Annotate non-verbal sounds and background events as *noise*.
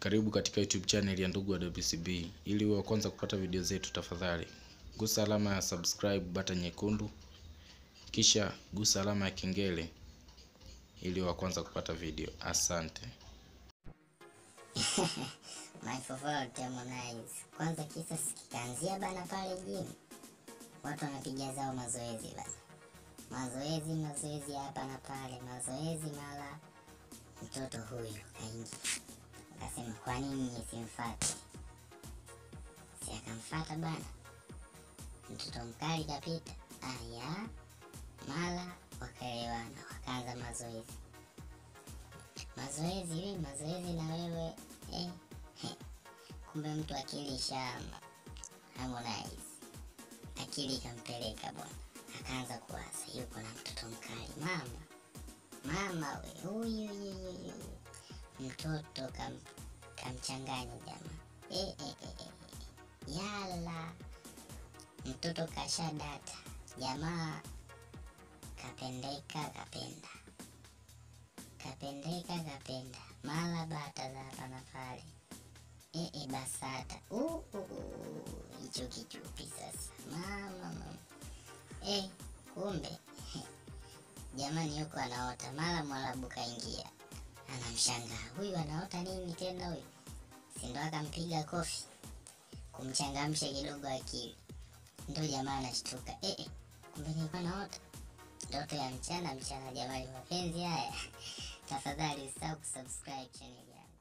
Karibu katika YouTube channel ya Ndugu wa WCB. Ili uwe wa kwanza kupata video zetu, tafadhali gusa alama ya subscribe bata nyekundu, kisha gusa alama ya kengele ili wa kwanza kupata video. Asante. *laughs* favorite Harmonize. Kwanza kisa kikaanzia bana pale gym. Watu wanapiga zao mazoezi bana. Mazoezi mazoezi hapa na pale, mazoezi mala mtoto huyu aingia kwa nini nisimfuate? Si akamfuata bana, mtoto mkali kapita. Aya, mara wakaelewana, wakaanza mazoezi. Mazoezi we mazoezi na wewe eh, eh. Kumbe mtu akili shamba. Harmonize akili ikampeleka bwana, akaanza kuwaza yuko na mtoto mkali. Mama mama we huyu mtoto kam kamchanganya jamaa e, e, e, e. Yala, mtoto kasha data jamaa, kapendeka kapenda, kapendeka kapenda, mala bata za hapa na pale e, e, basata uh, uh, uh, hicho kichupi sasa mama, mama. E, kumbe *laughs* jamani, yuko anaota mara Mwarabu kaingia, anamshangaa huyu anaota nini tena huyu ndo akampiga kofi kumchangamsha kidogo akili. Ndo jamaa anashtuka, eh, eh kumbe nilikuwa naota ndoto ya mchana mchana. Jamani, mapenzi haya! *laughs* Tafadhali usisahau kusubscribe channel yangu.